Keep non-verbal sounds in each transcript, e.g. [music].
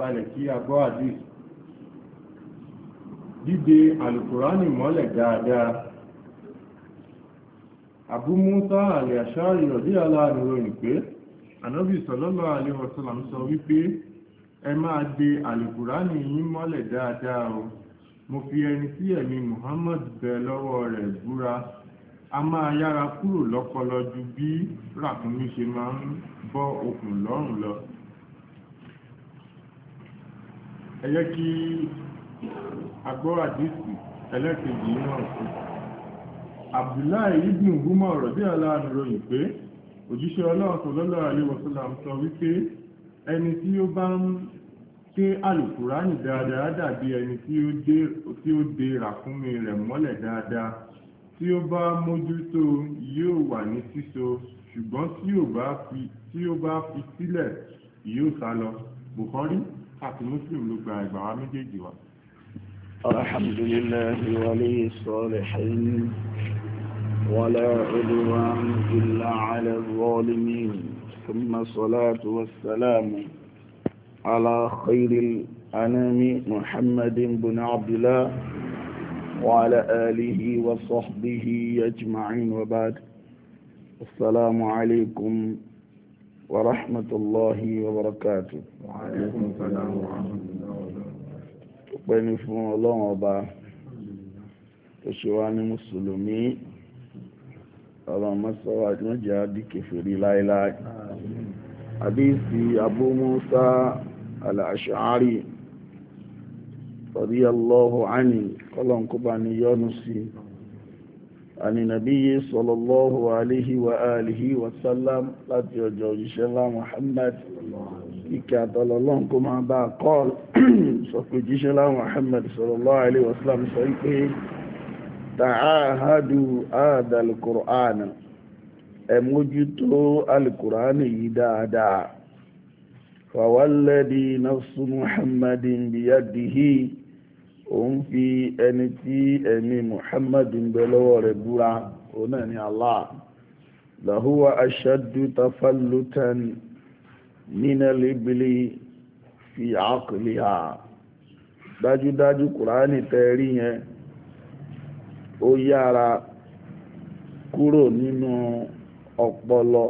balẹ̀ kí a gbọ́ àdìs dídè alùkùránì mọ́lẹ̀ dáadáa Abu Musa al-Ash'ari ìrọ̀dí aláàrin ròyìn pé ànábì sallallahu alaihi wasallam sọ wípé ẹ máa dè alùkùránì yín mọ́lẹ̀ dáadáa o mo fi ẹni tí ẹ̀mí Muhammad bẹ lọ́wọ́ rẹ̀ búra a máa yára kúrò lọ́pọlọ ju bí ràkúnmí ṣe máa ń bọ́ okùn lọ́rùn lọ. Lo ẹ̀yẹ́ kí agbọ́ra dìsì ẹlẹ́kejì náà sí Abdullahi ibn Umar rọ̀bí aláàánú ròyìn pé òjíṣẹ́ ọlọ́run sallallahu alaihi wasallam sọ wípé ẹni tí ó bá ń ké alùkùránì dáadáa dàbí ẹni tí ó dé ràkúnmí rẹ̀ mọ́lẹ̀ dáadáa tí ó bá mójútó yóò wà ní síso ṣùgbọ́n tí ó bá fi sílẹ̀ yóò sá lọ الحمد لله ولي الصالحين ولا ẹgbà الا على الظالمين ثم الصلاه والسلام على خير الأنام محمد بن عبد الله وعلى آله وصحبه اجمعين وبعد السلام عليكم ورحمة الله وبركاته وعليكم السلام ورحمة الله وبركاته ọpẹ́ni fún ọlọ́run ọba tó ṣe wá ní mùsùlùmí ọlọ́run mọ́sọ́wá tí wọ́n jẹ́ àdìkèfèrí láíláí àdìsí Abu Musa al-Ash'ari radiyallahu anhu kọ́lọ̀ ń kó bá ní yọ́nú sí i عن النبي صلى الله عليه وآله وسلم لا تجوج شلا محمد إكاد الله كما قال سكوج شلا محمد صلى الله عليه وسلم سيكي تعاهدوا هذا القرآن أموجتوا القرآن يدادا فوالذي نفس محمد بيده òun fi ẹni tí ẹ̀mí muhammad ń bẹ lọ́wọ́ rẹ̀ búra òun náà ni allah lahuwa ashaddu tafallutan nínú libili fi aqliha dájúdájú kùránì tẹ́rí yẹn ó yára kúrò nínú ọpọlọ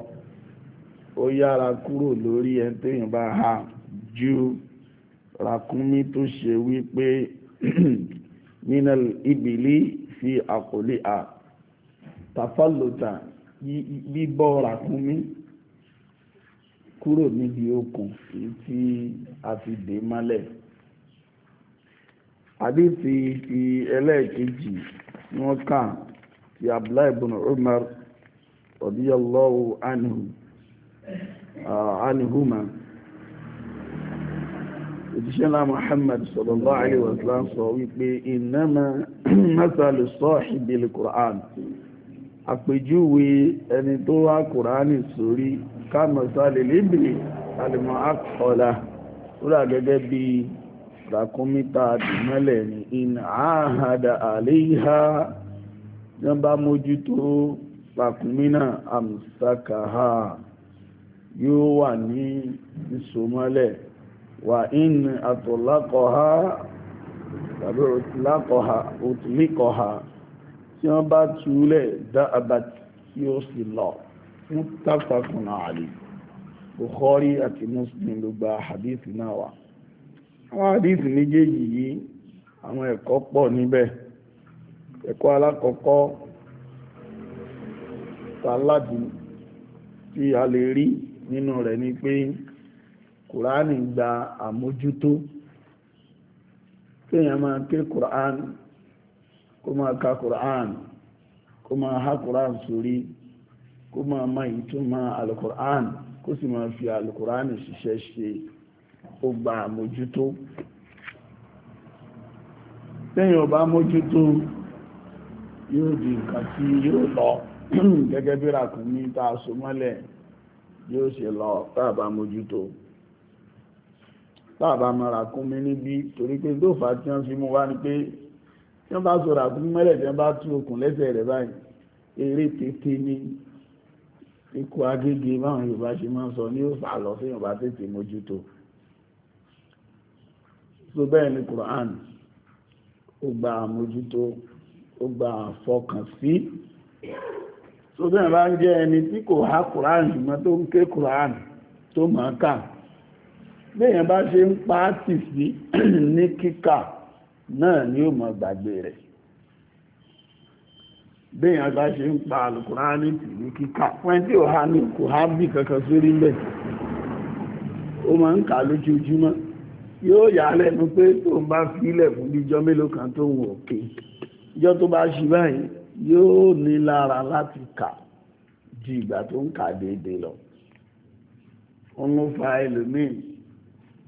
ó yára kúrò lórí ẹni téèyàn ha ju rakumi tó ṣe wípé minal ibili fi àkọlé a tafalota bíbọ́ ràkúnmí kúrò níbi okùn èyí tí a fi dè mọ́lẹ̀ àdìsí ti ẹlẹ́ẹ̀kejì ni wọ́n kà ti abdullahi ibn umar radiyallahu anhu anhuma. Uh, òjíṣẹ́ ńlá Muhammad sallallahu alaihi wasallam sọ wípé innama masalu sahibil Qur'an àpèjúwe ẹni tó wá Qur'ani sórí ká masali libri alimọ̀ akọ̀ọ́lá rúra gẹ́gẹ́ bí ràkúnmítà dìmọ́lẹ̀ ní in àhàdà àléhà yán bá mójútó ràkúnmínà àmsàkàhà yóò wà ní ìsòmọ́lẹ̀ وإن أطلقها tàbí òtìlákọ̀ha òtìlíkọ̀ha tí wọ́n bá túlẹ̀ dáàbà tí ó sì lọ fún tàfàkùnà àlè Bukhari àti Muslim ló gba hadithi náà wá àwọn hadithi méjèèjì yìí àwọn ẹ̀kọ́ pọ̀ níbẹ̀ ẹ̀kọ́ alákọ̀ọ́kọ́ tàlábì tí a lè rí nínú rẹ̀ ni pé kùránì gba àmójútó kéèyàn máa ké kùránì kó máa ka kùránì kó máa ha kùránì sórí kó máa ma ìtumọ̀ alukùránì kó sì máa fi alukùránì ṣiṣẹ́ ṣe ó gba àmójútó bá mójútó yóò di nǹkan tí yóò lọ [clears throat] gẹ́gẹ́ bí ràkúnmí tá a so mọ́lẹ̀ yóò ṣe lọ tá a táàbà mara kún mi níbí torí pé tó fà tí wọ́n fi mú wá ni pé tí wọ́n bá sọ̀rọ̀ àkún mẹ́lẹ̀ tí wọ́n bá tú okùn lẹ́sẹ̀ rẹ̀ báyìí eré tètè ní ikú agége báwọn Yorùbá ṣe máa ń sọ ní òfà lọ sí Yorùbá tètè mójútó so bẹ́ẹ̀ ni Quran ó gba àmójútó ó gba àfọkànsí so bẹ́ẹ̀ bá ń jẹ́ ẹni tí kò há Quran ṣùgbọ́n tó ń ké Quran tó máa kà bẹ́yàn bá ṣe ń pa áàtì sí [clears throat] ní kíkà náà ni ó máa gbàgbé rẹ̀ bẹ́yàn bá ṣe ń pa alùkùránì tì ní kíkà fún ẹni tí ò ha ní kò há bí kankan sórí mẹ́ ó máa ń kà lójoojúmọ́ yóò yà á lẹ́nu pé tó ń bá fílẹ̀ fún bíjọ́ mélòó kan tó ń òkè ìjọ́ tó bá ṣe báyìí yóò ní lára láti kà ju ìgbà tó ń kà déédéé lọ. ó ń fa ẹlòmíì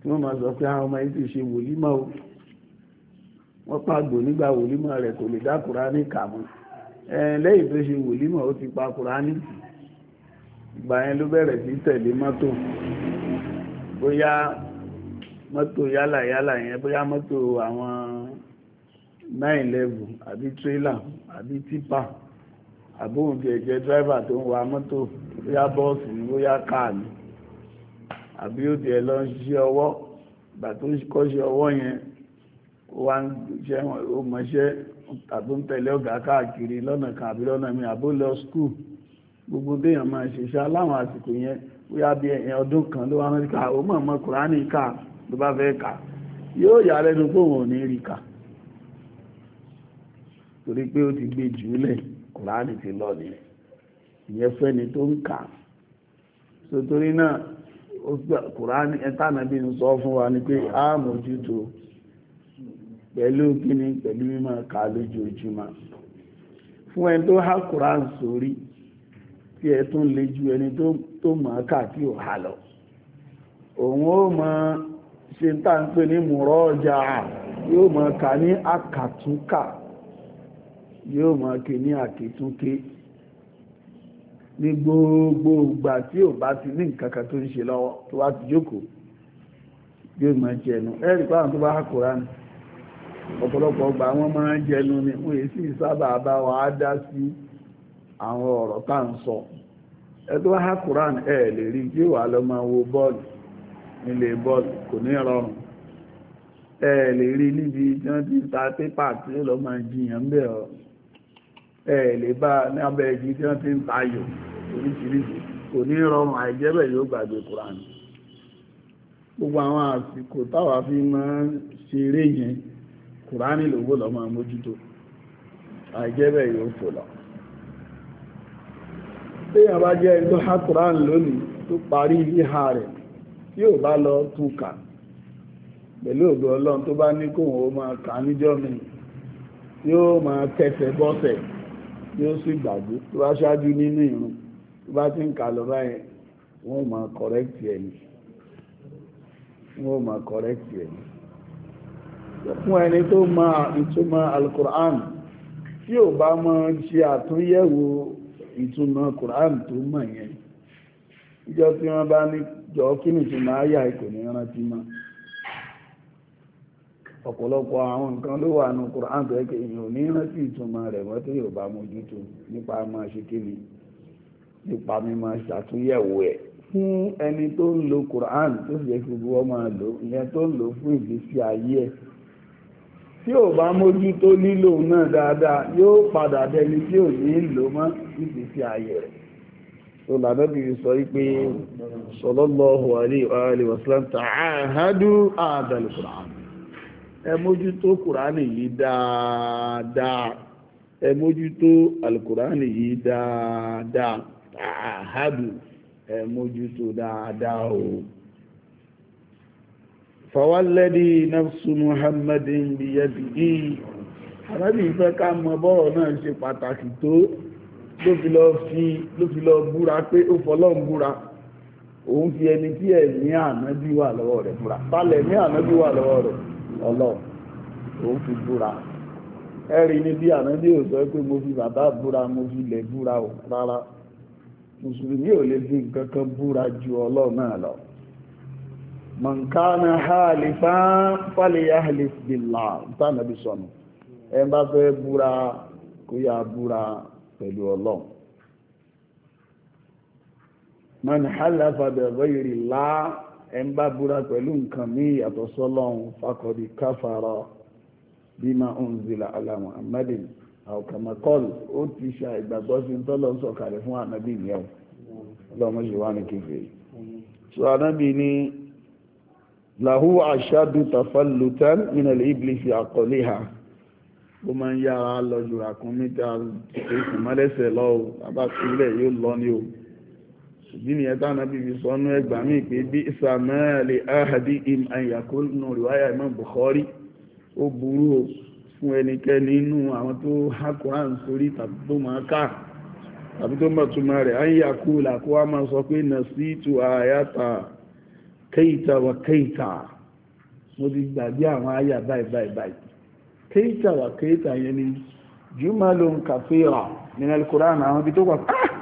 tí wọ́n máa sọ pé àwọn ah, ọmọ yìí ti ṣe wòlímọ̀ o wọ́n pàgbò nígbà wòlímọ̀ rẹ̀ kò lè dá Kùránì kà mọ́ lẹ́yìn tó ṣe wòlímọ̀ ó ti pa Kùránì ìgbà yẹn ló bẹ̀rẹ̀ sí tẹ̀lé mọ́tò bóyá mọ́tò yálà yálà yẹn bóyá mọ́tò àwọn nine level àbí trailer àbí tipa àbóhùn ti driver tó ń wa mọ́tò bóyá bọ́ọ̀sì ni bóyá káà ni àbí ó tiẹ̀ lọ ṣe ọwọ́ ìgbà tó kọ́ ṣe ọwọ́ yẹn wá ń ṣe ó mọṣẹ́ tàbí ń tẹ̀lé ọ̀gá káàkiri lọ́nà kan àbí lọ́nà mi àbó lọ skul gbogbo déèyàn máa ṣiṣẹ́ aláwọn àsìkò yẹn bóyá bí ẹ̀yìn ọdún kan ló wá ń ká ó mọ̀ mọ́ kùránì ká ló bá fẹ́ kà yóò yà lẹ́nu pé òun ò ní rí kà torí pé ó ti gbé jùlẹ̀ kùránì ti lọ nìyẹn ìyẹn fẹ́ni tó ń kà sótórí náà kùránì ẹ̀tànàbí ń sọ fún wa ní pé a mójútó pẹ̀lú kíní pẹ̀lú mímọ̀ ká lójoojúmọ́ fún ẹni tó há kùránì sórí tí ẹ tún lè ju ẹni tó mọ̀ ká tí ò hà lọ òun ó ṣe ń tà ń pè ní mùrọ̀ ọjà ní gbogbo ìgbà tí ò bá ti ní nǹkan tó ń ṣe lọ́wọ́ tó bá ti jókòó máa jẹnu ẹ̀rì pàrọ̀ tó bá kòrá ní ọ̀pọ̀lọpọ̀ ọgbà wọn máa jẹnu ni wọ́n èsì sábà bá á dá sí àwọn ọ̀rọ̀ tá lè rí lọ máa wo bọ́ọ̀lù nílé bọ́ọ̀lù kò ní rọrùn lè rí níbi tí wọ́n ti ta pépà tí ó lọ máa ẹ̀ẹ̀lẹ̀ bá ní abẹ́rẹ́ igi tí wọ́n ti ń tayò oríṣiríṣi kò ní rọrùn àìjẹ́bẹ̀ yóò gbàgbé kùránì gbogbo àwọn àsìkò táwa fi máa ń ṣeré yẹn kùránì lówó lọ máa mójútó àìjẹ́bẹ̀ yóò fò lọ téèyàn bá jẹ́ kùránì lónìí tó parí lọ tún kà pẹ̀lú ògbó ọlọ́run tó bá ní kóhun ó mi yóò máa bọ́sẹ̀ yóò sì gbàgbé tó bá ṣáájú nínú ìrun tó bá ti ń kà lọ báyẹn wọ́n máa kọ̀rẹ́kì ẹ̀ ni wọ́n máa kọ̀rẹ́kì ẹ̀ ni fún ẹni tó máa ìtumọ̀ alukur'an tí ò bá máa ṣe àtúnyẹ̀wò ìtumọ̀ kur'an tó mọ̀ yẹn ìjọ tí wọ́n bá ní jọ kí nìtumọ̀ ayà ìkò ní rántí máa ọ̀pọ̀lọpọ̀ àwọn nǹkan ló wà nù Qur'an tó ẹ̀kẹ́ èèyàn ní rántí ìtumọ̀ rẹ̀ wọ́n tó yóò bá mójútó nípa máa ṣe kíni nípa mímọ̀ ṣàtúnyẹ̀wò ẹ̀ fún ẹni tó ń lo Qur'an tó sì yẹ kí gbogbo ọmọ lò ìyẹn tó ń lò fún ìgbésí ayé ẹ̀ tí ò bá mójútó lílò náà dáadáa yóò padà dẹni tí ò ní lò mọ́ ìgbésí ayé rẹ̀ tó lànàbí sọ wípé sallallahu alaihi wa sallam ẹ mójútó kùránì yìí dáadáa ẹ mójútó alukùránì yìí dáadáa àhádù ẹ mójútó dáadáa o. fàwálẹ́dì nafsu muhammadin biyadihi àbábí ìfẹ́ ká mọ bọ́rọ̀ náà ṣe pàtàkì tó ló fi lọ fi búra pé ó fọlọ́n búra òun fi ẹni tí ẹ̀mí ànábí wà lọ́wọ́ rẹ̀ búra Ọlọ òun búra bí ànábì ò sọ pé mo fi bàbá búra mo fi búra ò rárá mùsùlùmí ò lè fi nǹkan búra ju ọlọ́run náà lọ mọ̀nkánà halifan fàlẹ̀yà halif ẹ̀ ń bá búra pẹ̀lú nǹkan mí yàtọ̀ sọ́lọ́run fakọ̀dí káfàrà bímá unzila ala muhammadin àwòkàmọ́kọ́lù ó ti ṣe àìgbàgbọ́ sí tọ́lọ́ sọ̀kalẹ̀ fún ànábì yẹn ọlọ́mọ ṣe wá ní kéfèé so ànábì ní lahu ashadu tafallutan min al-iblisi aqliha ó máa ń yára lọ jù àkúnmí tá a ṣe ìsìn lọ́wọ́ àbá yóò lọ ní o ṣùgbọ́n ìyẹn táwọn abíbi sọnù ẹgbà mí pé bí sàmáàlì ahadi im ayako nù rìwáyà Imam Bukhari ó burú o fún ẹnikẹ́ni nínú àwọn tó há Quran sórí tàbí tó máa ká tàbí tó mọ̀ túmọ̀ rẹ̀ ayako làkó wa máa sọ pé nà sí tu àyàtà kéìtà wà kéìtà mo ti gbàgbé àwọn àyà báyìí báyìí báyìí kéìtà wà kéìtà yẹn ni jùmọ̀ ló ń kàfé rà nínú Al-Quran àwọn ibi tó wà pàá ah!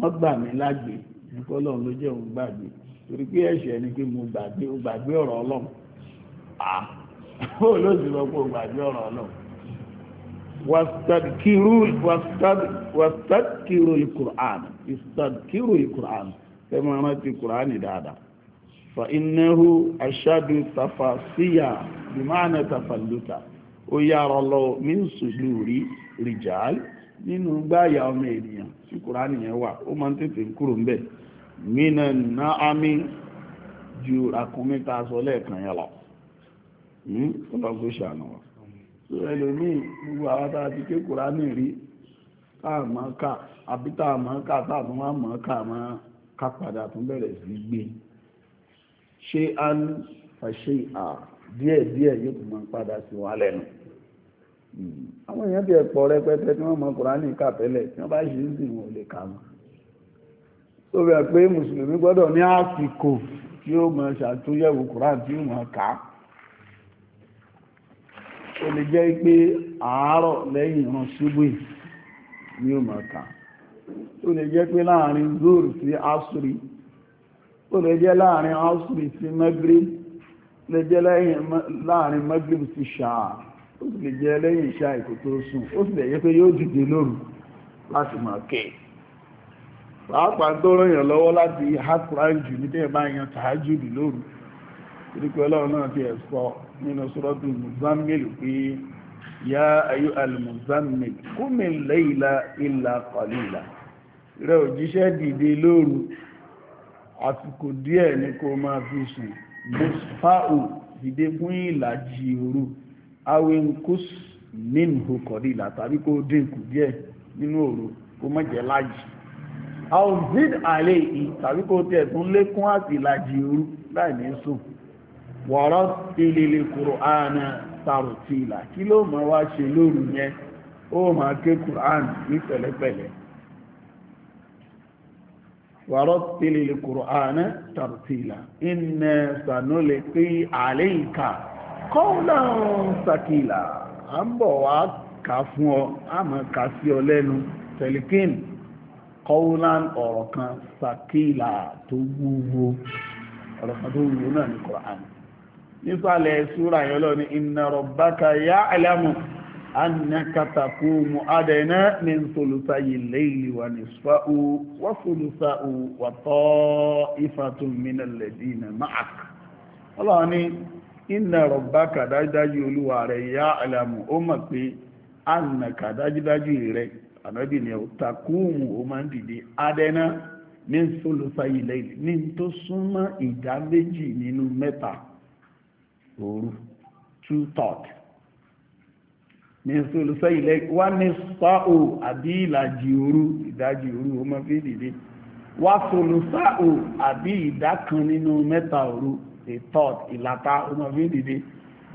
wọ́n gbà mí lágbè nǹkan ọlọ́run ló jẹ́ òun gbàgbé torí pé ẹ̀ṣẹ̀ ni pé mo gbàgbé o gbàgbé ọ̀rọ̀ ọlọ́run à ó ló sì lọ pé o gbàgbé ọ̀rọ̀ ọlọ́run wàstadkiru alukur'an istadkiru alukur'an ẹ máa rántí kur'an dáadáa fa innahu ashadu tafasiya bimaana tafaluta ó yára lọ min sùdúrí rìjàl nínú gbáyà ọmọ ènìyàn sí kùránì yẹn wà ó máa ń tètè kúrò ńbẹ̀ mínà náàmì ju àkúnmí ta sọ lẹ́ẹ̀kan yẹn lọ hmm? ọlọ́gbó ṣàánú wa tó ẹlòmíì gbogbo àwọn tá a ti ké kùránì rí tá a máa kà àbí tá a máa kà tá a tún wá máa kà máa ká padà tún bẹ̀rẹ̀ sí gbé ṣé a ń fàṣe à díẹ̀díẹ̀ yóò tún máa padà sí wa lẹ́nu àwọn èèyàn tiẹ̀ pọ̀ rẹpẹtẹ tí wọ́n mọ kùránì kà tẹ́lẹ̀ tí wọ́n bá ṣe ń sìn wọn ò lè kà mọ́ tó bẹ̀ pé mùsùlùmí gbọ́dọ̀ ní àsìkò tí ó mọ ṣàtúnyẹ̀wò kùránì tí ó mọ kà á ó lè jẹ́ pé àárọ̀ lẹ́yìn ìran ṣubú ni ó mọ kà á ó lè jẹ́ pé láàrin zoro sí asuri ó lè jẹ́ láàrin asuri sí maghrib lè jẹ́ láàrin maghrib sí ṣáà ó sì lè jẹ lẹ́yìn ìṣá ìkò tó sùn ó sì lè yẹ pé yóò dìde lóru láti máa kẹ́ pàápàá tó ràn yàn lọ́wọ́ láti hakran jù ní tẹ́yẹ̀ bá yan tààjù dì lóru nítorí ọlọ́run náà ti ẹ̀ sọ nínú sọ́rọ́tù muzammil pé ya ayu al-muzammil kúmi layla illa qalila rẹ òjíṣẹ́ dìde lóru àsìkò díẹ̀ ni kó máa fi sùn mùsùfáù dìde fún ìlàjì òru awinkus minhu kọ̀dílà tàbí kó dínkù díẹ̀ nínú òru kó má jẹ́ láàjì alzid alẹ́ yìí tàbí kó tẹ̀ tún lékún àti ìlàjì òru láì ní sùn wọ̀rọ̀ tilili kùránà tartila kí ló mọ̀ wá ṣe lóru yẹn ó máa ké kùránà ní pẹ̀lẹ́pẹ̀lẹ́ ورتل القرآن ترتيلا إنا سنلقي عليك kọ́ọ̀lá sakila a ń bọ̀ wá kà fún ọ àmọ́ kà sí ọ lẹ́nu tẹ̀lìkín kọ́ọ̀lá ọ̀rọ̀ kan tó wúwo ọ̀rọ̀ kan tó wúwo náà ní koran nísàlẹ̀ ṣúra yẹn ní inna rabbaka ya'lamu annaka taqumu inna rọ̀bá kàdájúdájú olúwa rẹ̀ yá àlàmù ó mọ̀ pé àna kàdájúdájú rẹ̀ ànábì ni ó ó máa ń dìde adẹ́ná ní sólùsá ilẹ̀ ní tó súnmọ́ ìdá méjì nínú mẹ́ta òru two third ní sólùsá ilẹ̀ wá ní sáò àbí ìlàjì òru ìdájì òru ó máa fi dìde wá àbí ìdá kan the third ìlàta ọmọbìnrin dìde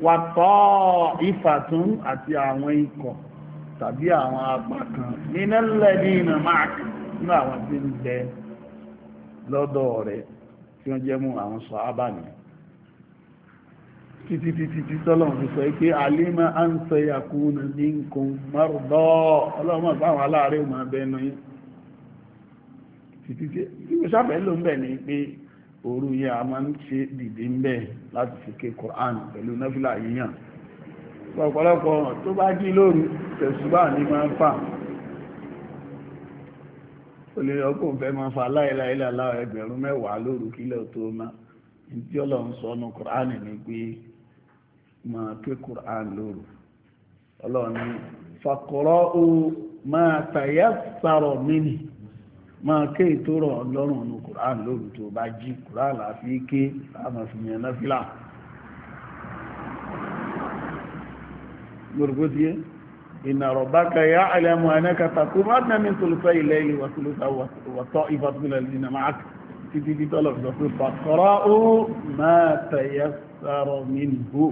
wà tọ́ ìfàtún àti àwọn ikọ̀ tàbí àwọn apá kan nínú lẹ́ni ìnà mark nínú àwọn tí ń bẹ lọ́dọ̀ rẹ̀ tí wọ́n jẹ́ mú àwọn sọ ábàmì títí tọ́lọ̀n fi sọ pé alima an sayakuna minkum marda ọlọ́mọ̀ sáwọn aláàrẹ̀ mọ̀ abẹ́nu yìí títí tí oru yẹn a máa ń ṣe dìde ń bẹ̀ láti fi ké Quran pẹ̀lú náfìlà yíyàn ọ̀pọ̀lọpọ̀ tó bá jí lóru fa ní máa ń fà fa ọkùn fẹ́ máa fa láìláìláà ẹgbẹ̀rún mẹ́wàá lóru kílẹ̀ tó má tí ọlọ́run sọnù Quran ní pé máa ké Quran lóru ọlọ́run ní fàkọ̀rọ̀ o máa tàyà sàrọ̀ ma ké tó rọ ọlọ́run ní kùrán lóru tó bá jí kùrán láfi ké láàmà fi yẹn náfìlà gbogbogbòdìyẹ ìnàrọ̀ bákà yá àlẹ́mù ànẹ́kàtà kó má dínà mí tòlùfẹ́ ilẹ̀ ilẹ̀ wàtòlùfẹ́ wàtọ́ ìfàtúlẹ̀ nínú máa títí tí tọ́lọ̀ fi sọ pé fàkọ́rọ́ ó máa tẹ̀yẹ sọ̀rọ̀ nínú bò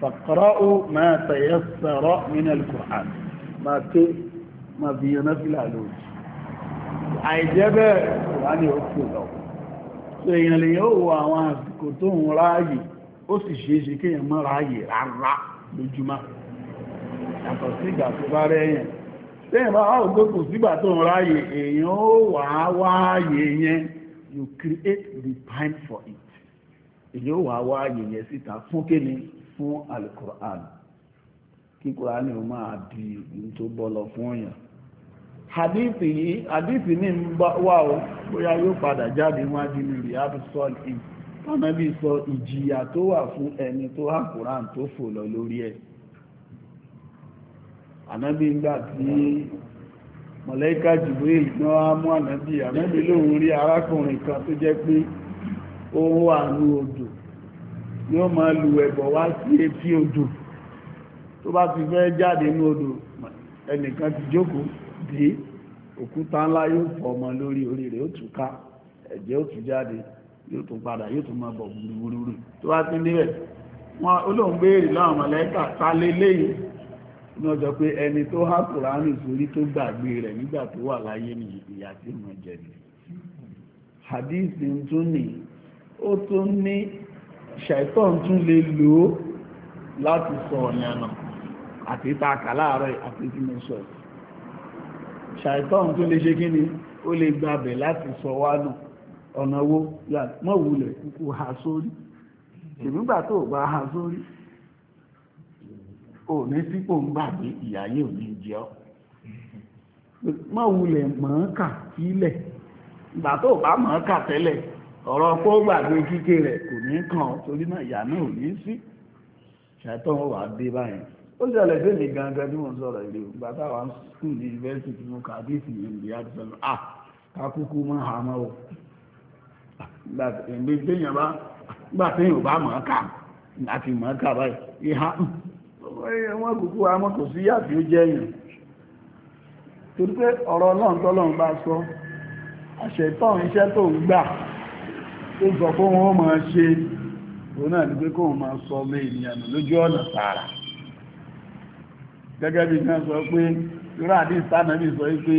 fàkọ́rọ́ ó máa tẹ̀yẹ sọ̀rọ̀ nínú alukùrán máa ké máa fi yẹn náfìlà àìjẹ́ bẹ́ẹ̀ wà ní oṣù lọ so èèyàn lè yóò wo àwọn àsìkò tó ń ráàyè ó sì ṣeéṣe kéèyàn má ráàyè rárá lójúmọ́ yàtọ̀ sí ìgbà tó bá rẹ́yìn tẹ́yìn bá wà ògbé kò sígbà tó ń ráàyè èèyàn ó wà á wáàyè yẹn you create the time for it èyí ó wà á wáàyè yẹn síta fún kéni fún alukur'an kíkùránì ó máa di ní tó bọ́ lọ fún èèyàn hadithi yìí hadithi ní ń bá wà ó bóyá yóò padà jáde wájú ní riyadu sọ́ọ̀lì tánàbí sọ ìjìyà tó wà fún ẹni tó há Quran tó fò lọ lórí ẹ̀ ànábí ńgbà tí mọ̀lẹ́kà Jibril náà mú ànábí ànábí lóhun rí arákùnrin kan tó jẹ́ pé ó wà ní odò yóò máa lu ẹ̀bọ̀ wá sí etí odò tó bá ti fẹ́ jáde ní odò ẹnìkan ti jókòó dìé òkúta ńlá yóò fọ ọmọ lórí orí rẹ̀ ó tún ká ẹ̀jẹ̀ ó tún jáde yóò tún padà yóò tún máa bọ̀ gbùrùgbùrù tó wá sí níbẹ̀ wọn olóhùn béèrè láwọn mọ̀lẹ́kà ta ní ọjọ́ pé ẹni tó há kùránì sórí tó gbàgbé rẹ̀ nígbà tó wà láyé ní tí mo ni hadithi tún ní ó tún ní ṣàìtàn tún lè lò ó láti sọ ọ̀nà àti àti ṣàìtọ́n tó lè ṣe kí ni ó lè gbàbẹ̀ láti sọ wá nù ọ̀nà owó mọ̀wulẹ̀ kúkú ha sórí ìgbígbà tó bá ha sórí ò ní sípò ń gbàgbé ìyáyé ò ní jẹ́ ọ́ mọ̀wulẹ̀ mọ̀ọ́kà sílẹ̀ ìgbà tó bá mọ̀ọ́kà tẹ́lẹ̀ ọ̀rọ̀ pé ó gbàgbé kíké rẹ̀ kò ní kàn torí náà ìyá náà ò ní sí ṣàìtọ́n wà dé báyìí ó ṣẹlẹ̀ sí èmi gangan tí mo ń sọ̀rọ̀ ilé ìgbà táwa ń sùn ní yunifásitì tí mo kà á dé sí ìlú àti sọ̀rọ̀ à kakúkú máa hà mọ́ o gbà téèyàn bá gbà téèyàn bá mọ̀ ọ́ kà láti mọ̀ ọ́ kà báyìí ìhà wọ́n kúkú amọ́ kò sí yàtí ó jẹ́ èèyàn torí ọ̀rọ̀ ọlọ́run ń gbà gẹ́gẹ́ bí kan sọ pé ìrọ̀ àdí ìsànàbí sọ pé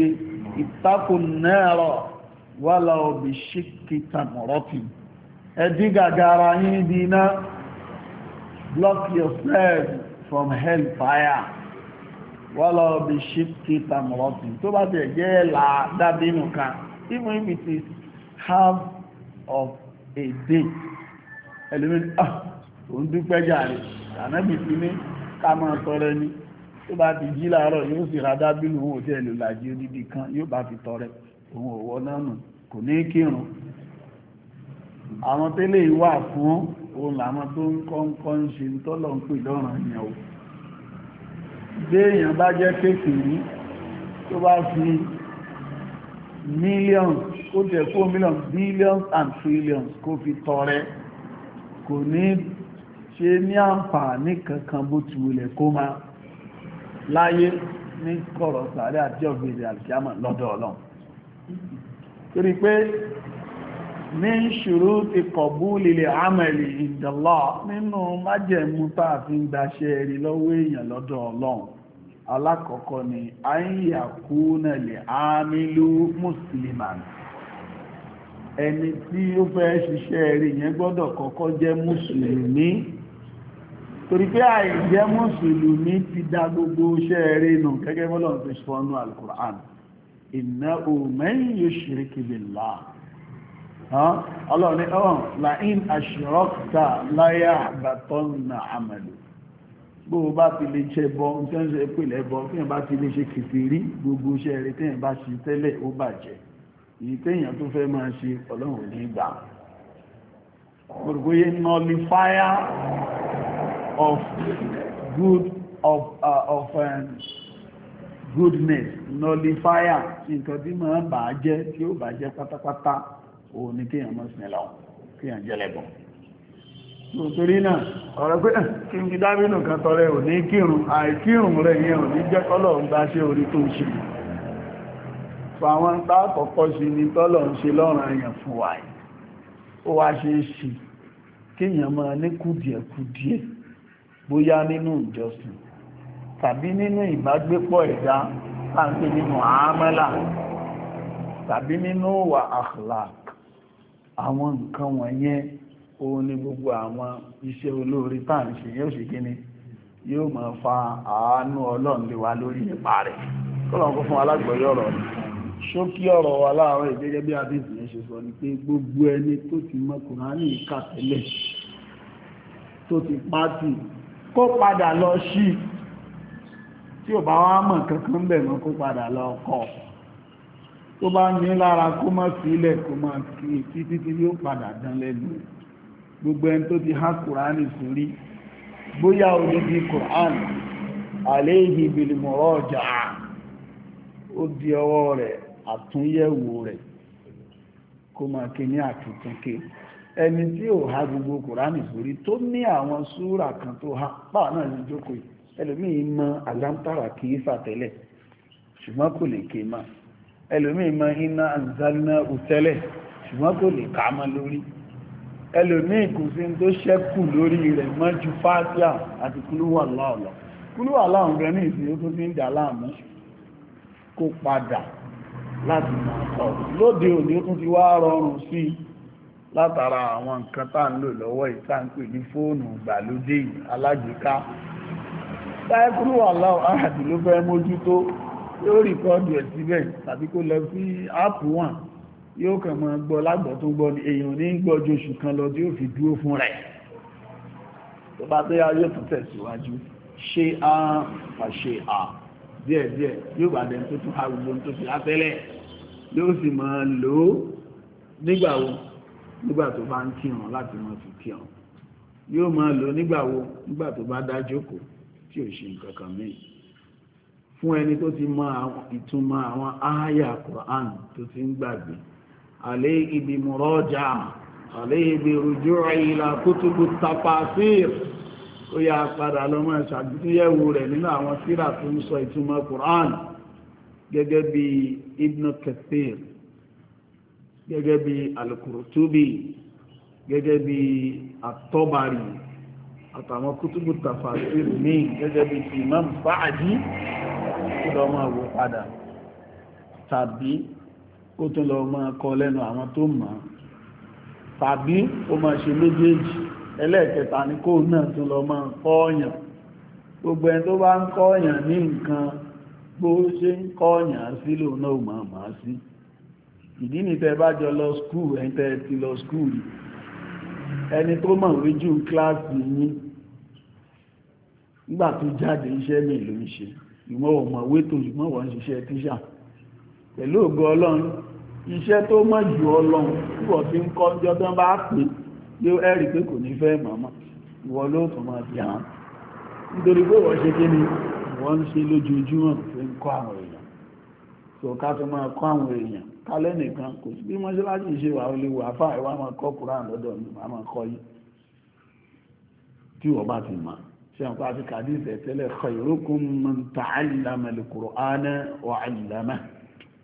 ìtakùn náà wà láwọ̀ bí ṣíkìtà mọ̀rọ́tì ẹ̀dí gàgàrà yín bí iná block yourself from hellfire wà láwọ̀ bí ṣíkìtà mọ̀rọ́tì tó bá tẹ̀ jẹ́ ẹ̀là dábínú kan even if it is half of a day ẹlòmínú ah òun dúpẹ́ jàre ànábì fi ní ká máa tọrẹ ni tó bá ti jí láàárọ̀ yóò sì ra dábìlù owó tí ẹlò làjí odidi kan yóò bá fi tọrẹ òun òwò náà nù kò ní kírun àwọn tẹ́lẹ̀ wà fún òun làwọn tó ń kọ́ńkọ́ ń ṣe tọ́lọ̀ ń pè lọ́ràn yẹn o béèyàn bá jẹ́ kékeré tó bá fi millions ó jẹ́ kó millions billions and trillions kó fi tọrẹ kò ní ṣe ní àǹfààní kankan bó ti wulẹ̀ kó máa láyé ní kọ̀rọ̀ sàárẹ́ àti ọ̀gbẹ̀rẹ̀ alkiyama lọ́dọ̀ ọlọ́run torí pé ní ṣùrú ti kọ̀bú lílẹ̀ àmẹ̀lì ìdọ̀lọ́ nínú májẹ̀mú tàà fi ń gbaṣẹ́ rí lọ́wọ́ èèyàn lọ́dọ̀ ọlọ́run alákọ̀ọ́kọ́ ni ayyàkúnẹ̀lẹ̀ àmìlú mùsùlùmán ẹni tí ó fẹ́ ṣiṣẹ́ rí yẹn gbọ́dọ̀ kọ́kọ́ jẹ́ mùsùlùmí torí pé àìjẹ́ mùsùlùmí ti dá gbogbo iṣẹ́ rẹ̀ nù gẹ́gẹ́ mọ́lọ̀ tó ṣe wọnú al-Qur'an innahu man yushrik billah ọlọ́ni ọ̀hún la'in ashrakta la yahbatanna 'amalu bó o bá tó fẹ́ máa ṣe ọlọ́run ní ìgbà. òrùkóyè nọlifáyà of good of uh, of um, goodness nullifier nǹkan tí máa bà á jẹ́ tí ó bà á jẹ́ pátápátá òun ni kéèyàn mọ́ sí ẹ̀lá kéèyàn jẹ́lẹ̀bọ̀ nítorí náà ọ̀rọ̀ pé eh, kí n fi dábínù kan tọrẹ ò ní kírun àìkírun rẹ̀ yẹn ò ní jẹ́ kọ́lọ̀ ń bá ṣe orí tó ń ṣe fàwọn bá kọ̀kọ́ sí ni tọ́lọ̀ ń ṣe lọ́rùn èèyàn fún wa ó wá ṣe é ṣe kéèyàn máa ní kùdìẹ̀kùdìẹ̀ bóyá nínú ìjọsìn tàbí nínú ìbágbépọ̀ ẹ̀dá táǹkì nínú àámẹ́là tàbí nínú wà akhlaq àwọn nǹkan wọ̀nyẹn òun ni gbogbo àwọn iṣẹ́ olóore táǹṣe yóò ṣe kí ni yóò máa fa àánú ọlọ́run lé wa lórí ipa rẹ̀ kọ́lọ̀ kó fún alágbọ̀yọ̀ ṣókí ọ̀rọ̀ wa láàárọ̀ ìgbẹ́gẹ́ bí àdéhùn yẹn ṣe sọ ni pé gbogbo ẹni tó ti mọ kùránì kà tó ti pátì kó padà lọ sí tí ò bá wá mọ̀ kankan bẹ̀ mọ́ kó padà lọ kọ́ tó bá ní lára kó má sílẹ̀ kó títí yóò padà dán lẹ́nu gbogbo ẹni tó ti há kùránì sórí bóyá olóbi àléhì bìlìmọ̀rọ̀ ọjà ó di ọwọ́ rẹ̀ àtúnyẹ̀wò ẹni tí ò ha gbogbo kùránì sórí tó ní àwọn súrà kan tó ha páà náà ní jókòó ẹlòmíì mọ àlámtàrà kì í fàtẹ́lẹ̀ ṣùgbọ́n kò lè ké máa ẹlòmíì mọ iná àǹzálínà òtẹ́lẹ̀ ṣùgbọ́n kò lè kà á mọ́ lórí ẹlòmíì kò sí tó ṣẹ́kù lórí rẹ̀ mọ́ ju fátíà àti kúlúwà láọ̀lọ́ kúlúwà láọ̀n rẹ̀ ní ìsìn tó ti ń dà láàmú kó padà láti máa kọ̀ lóde òní ó tún ti wá rọrùn sí i látara àwọn nǹkan tá ń lò lọ́wọ́ ìtàǹpè ní fóònù ìgbàlódé alágbèéká táìkúrú aláwọ̀ áhàdì ló fẹ́ mójútó yóò rìkọ́dù ẹ̀ síbẹ̀ tàbí kó lọ sí áàpù wọn yóò kàn mọ́ gbọ́ lágbọ́ tó gbọ́ ní èèyàn ní gbọ́ jóṣù kan lọ tí ó fi dúró fún rẹ̀ tó bá tẹ́ yá yóò tún tẹ̀síwájú ṣe á pàṣẹ à díẹ̀díẹ̀ yóò bá dẹ̀ tó tún ha gbogbo tó fi á yóò sì máa lò ó nígbà wo nígbà tó bá ń kírun láti mọ́ fi kírun yóò máa lò nígbà wo nígbà tó bá dá jókòó tí ò ṣe nǹkan kan mìíràn fún ẹni tó ti mọ ìtumọ̀ àwọn ááyà Qur'an tó ti ń gbàgbé àlẹ́ ibi mọ̀rọ́jà àlẹ́ ibi rújú ìlà kútùbù tapasir ó yá padà lọ́mọ ìṣàgbéyẹ̀wò rẹ̀ nínú àwọn síra tó ń sọ ìtumọ̀ Qur'an gẹ́gẹ́ bí Ibn Kathir gẹ́gẹ́ bí alukurutubi gẹ́gẹ́ bí atọ́bari àtàwọn kútùbù mi gẹ́gẹ́ bí ti imam báàjí kó lọ padà tàbí kó tún lọ máa kọ lẹ́nu àwọn tó mọ̀ tàbí ó máa ṣe méjèèjì ẹlẹ́ẹ̀kẹta náà tún lọ máa gbogbo ní nǹkan ìdí ni tẹ́ bá jọ lọ skúù ẹni tẹ́ ti lọ skúù rí ẹni tó mọ̀ wé jù kíláàsì yín nígbà tó jáde iṣẹ́ mi ló ń ṣe ìmọ̀ ọmọ wétò ìmọ̀ wọ́n ń ṣiṣẹ́ tíṣà pẹ̀lú ògo ọlọ́run iṣẹ́ tó mọ̀ jù ọlọ́run púpọ̀ tí ń kọ́ jọ tán bá pè ló ẹ̀rí pé kò ní fẹ́ màmá ìwọ ló tún máa di àwọn nítorí pé wọ́n ṣe kí ni wọ́n ń ṣe lójoojúmọ́ fi ń kọ́ àwọn èèyàn kálẹ̀ nìkan kò sí bí mọ́ṣáláṣí ṣe wà ó lè wà fáà ìwà máa kọ́ kúrán lọ́dọ̀ mi máa máa kọ́ yìí tí wọ́n bá ti mọ̀ ṣe àwọn pàṣẹ kàdíṣẹ̀ tẹ́lẹ̀ khairukum man ta'allama al-Qur'ana wa 'allamahu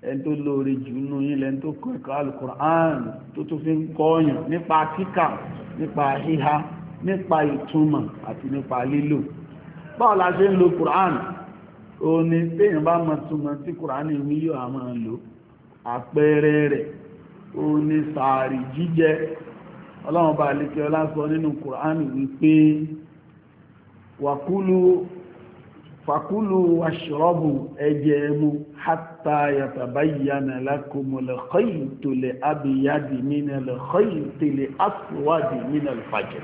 ẹni tó lóore jù nínú yín lẹ́ni tó kọ́ ẹ̀kọ́ al-Qur'an tó tó fi ń kọ́ọ̀yàn nípa kíkà nípa híhá nípa ìtumọ̀ àti nípa lílò báwo la ṣe ń lo Qur'an òní téèyàn bá mọ̀ túmọ̀ tí Qur'an ní wí yóò àmọ́ lò àpẹẹrẹ rẹ̀ ó ní sàárì jíjẹ ọlọ́run bá lè kí ọlá sọ nínú kùránì wípé wàkúlù fàkúlù wàṣọ́rọ́bù ẹjẹ ẹmu hátà yàtàbáyàna lákòmọ̀lẹ̀ kọ́yì tó lè ábìyàdì nínú lè kọ́yì tó lè áṣùwádì nínú fàjẹ̀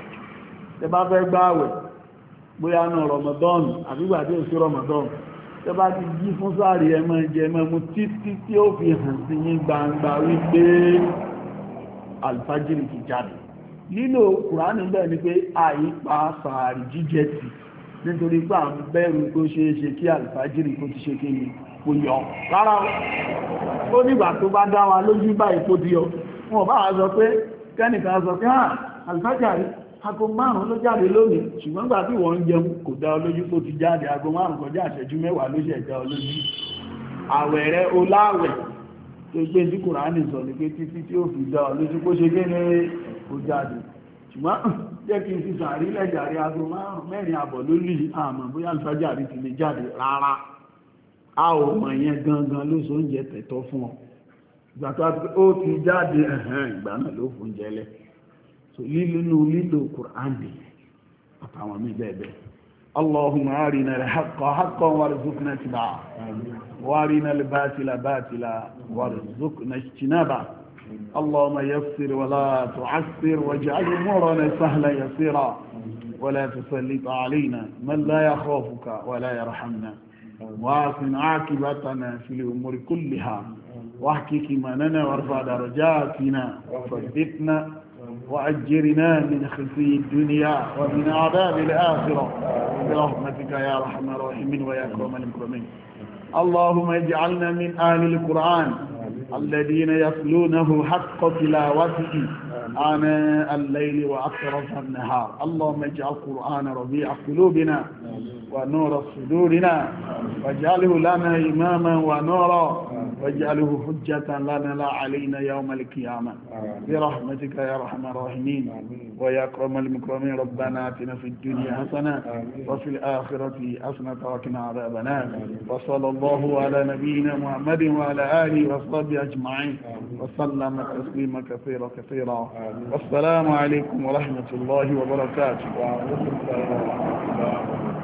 tẹ gbáwẹ̀ bóyá náà rọmọdọ́ọ̀nù àbígbàdé òsì rọmọdọ́ọ̀nù tó bá ti jí fún sáàrí ẹmọ ìjẹmọ mú títí tí ó fi hàn sí yín gbangba wípé alfajiri ti jáde nínú kùránì bẹ́ẹ̀ ni pé àyípa sáàrí jíjẹ ti nítorí pé à ń bẹ̀rù tó ṣe é ṣe kí alfajiri kó ti ṣe kí ni kò yọ rárá ó nígbà tó bá dá wa lójú báyìí tó di ọ wọn bá sọ pé kẹ́nìkan sọ pé hàn ah, alfajiri aago márùn ló jáde lónìí ṣùgbọ́n gbà bí wọ́n ń jẹun kò dá olójú tó ti jáde aago márùn kọjá àṣẹjú mẹ́wàá ló ṣẹ̀ dá olójú àwẹ̀ rẹ oláwẹ̀ tó gbé tí kùránì sọ ní pé títí tí ó fi dá olójú kó ṣe gé ní kò jáde ṣùgbọ́n jẹ́ kí n ti sàárí lẹ́jàrí aago márùn mẹ́rin àbọ̀ ló àmọ́ bóyá alifájàrí ti lè jáde rárá a ò mọ̀ yẹn gangan ló so oúnjẹ tẹ̀tọ́ fún ọ ìgbà tó ti jáde ẹ̀hẹ́n ìgbà náà ló fún jẹ lẹ́ẹ̀ so lílò lílò kùránì àtàwọn mí bẹ́ẹ̀bẹ́ allahumma arina al-haqqa warzuqna ittiba'a wa arina al-batila batila warzuqna ijtinaba اللهم يسر ولا تعسر واجعل امورنا سهلا يسيرا ولا تسلط علينا من لا يخافك ولا يرحمنا واصن عاقبتنا في الامور كلها واحكي ايماننا وارفع درجاتنا وصدقنا وأجرنا من خزي الدنيا ومن عذاب الآخرة برحمتك يا أرحم الراحمين ويا أكرم المكرمين اللهم اجعلنا من أهل القرآن الذين يصلونه حق تلاوته آناء الليل وأكثر النهار اللهم اجعل القرآن ربيع قلوبنا ونور صدورنا واجعله لنا إماما ونورا واجعله حجة لنا لا علينا يوم القيامة برحمتك يا أرحم الراحمين ويا أكرم المكرمين ربنا آتنا في الدنيا حسنة وفي الآخرة حسنة وقنا عذاب النار وصلى الله على نبينا محمد وعلى آله وصحبه أجمعين وسلم تسليما كثيرا كثيرا والسلام عليكم ورحمة الله وبركاته